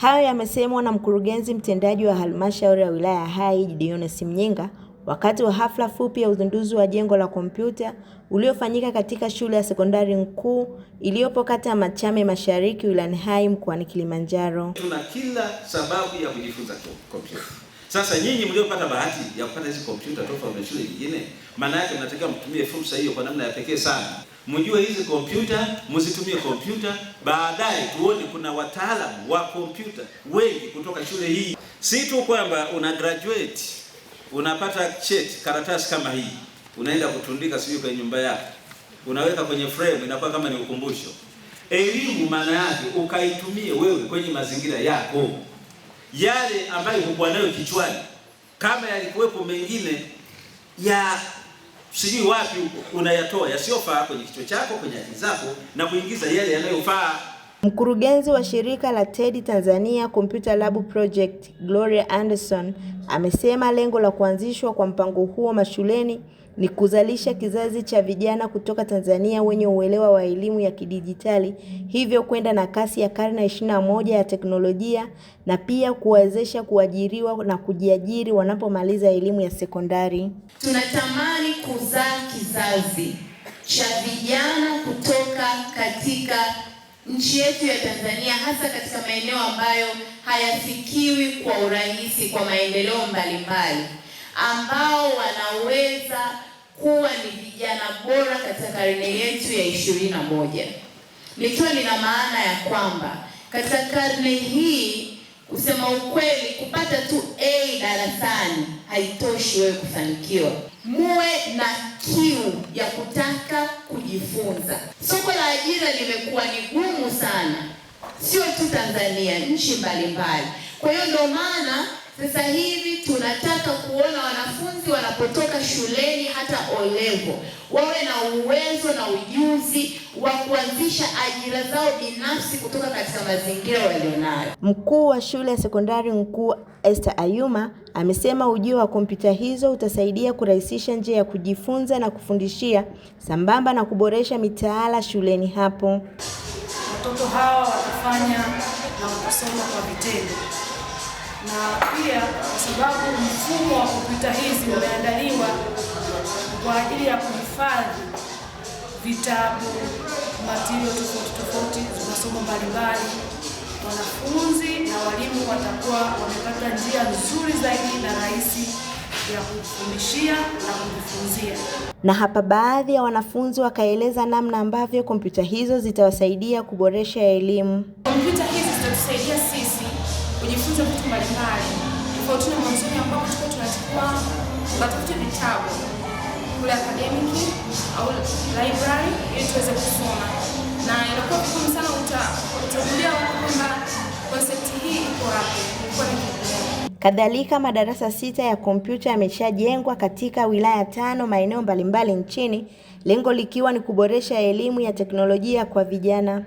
Hayo yamesemwa na mkurugenzi mtendaji wa halmashauri ya wilaya ya Hai Gideon Mnyinga wakati wa hafla fupi ya uzinduzi wa jengo la kompyuta uliofanyika katika shule ya sekondari Nkuu iliyopo kata ya Machame Mashariki wilayani Hai mkoani Kilimanjaro. Tuna kila sababu ya kujifunza kompyuta. Sasa nyinyi mliopata bahati ya kupata hizi kompyuta tofauti na shule nyingine, maana yake mnatakiwa mtumie fursa hiyo kwa namna ya pekee sana. Mjue hizi kompyuta, mzitumie kompyuta. Baadaye tuone kuna wataalamu wa kompyuta wengi kutoka shule hii, si tu kwamba una graduate unapata cheti karatasi kama hii, unaenda kutundika sijui kwenye nyumba yako, unaweka kwenye frame, inakuwa kama ni ukumbusho. Elimu maana yake ukaitumie wewe kwenye mazingira yako yale ambayo hukuwa nayo kichwani, kama yalikuwepo mengine ya sijui wapi unayatoa yasiyofaa kwenye kichwa chako, kwenye akili zako na kuingiza yale yanayofaa. Mkurugenzi wa shirika la TED Tanzania Computer Lab Project, Gloria Anderson, amesema lengo la kuanzishwa kwa mpango huo mashuleni ni kuzalisha kizazi cha vijana kutoka Tanzania wenye uelewa wa elimu ya kidijitali, hivyo kwenda na kasi ya karne 21 moja ya teknolojia na pia kuwezesha kuajiriwa na kujiajiri wanapomaliza elimu ya sekondari. Tunatamani kuzaa kizazi cha vijana kutoka katika nchi yetu ya Tanzania, hasa katika maeneo ambayo hayafikiwi kwa urahisi kwa maendeleo mbalimbali, ambao wanaweza kuwa ni vijana bora katika karne yetu ya ishirini na moja, likiwa nina maana ya kwamba katika karne hii, kusema ukweli, kupata tu A darasani haitoshi wewe kufanikiwa. Muwe na kiu ya kutaka kujifunza. Soko la ajira limekuwa ni gumu sio tu Tanzania, nchi mbalimbali. Kwa hiyo ndio maana sasa hivi tunataka kuona wanafunzi wanapotoka shuleni hata olevo wawe na uwezo na ujuzi wa kuanzisha ajira zao binafsi kutoka katika mazingira walionayo. Mkuu wa shule ya sekondari Nkuu Esther Ayuma amesema ujio wa kompyuta hizo utasaidia kurahisisha njia ya kujifunza na kufundishia sambamba na kuboresha mitaala shuleni hapo watoto hawa watafanya na kusoma kwa vitendo, na pia kwa sababu mfumo wa kompyuta hizi umeandaliwa kwa ajili ya kuhifadhi vitabu, matirio tofauti tofauti za masomo mbalimbali, wanafunzi na walimu watakuwa wamepata njia nzuri zaidi ya kufundishia na kujifunzia. Na hapa baadhi ya wanafunzi wakaeleza namna ambavyo kompyuta hizo zitawasaidia kuboresha elimu. Kompyuta hizi zitatusaidia sisi kujifunza vitu mbalimbali tofauti na mwanzoni, ambapo tulikuwa tunachukua tukatafute vitabu kule akademiki au library ili tuweze kusoma, na inakuwa vigumu sana, utagulia kwamba Kadhalika, madarasa sita ya kompyuta yameshajengwa katika wilaya tano maeneo mbalimbali nchini, lengo likiwa ni kuboresha elimu ya teknolojia kwa vijana.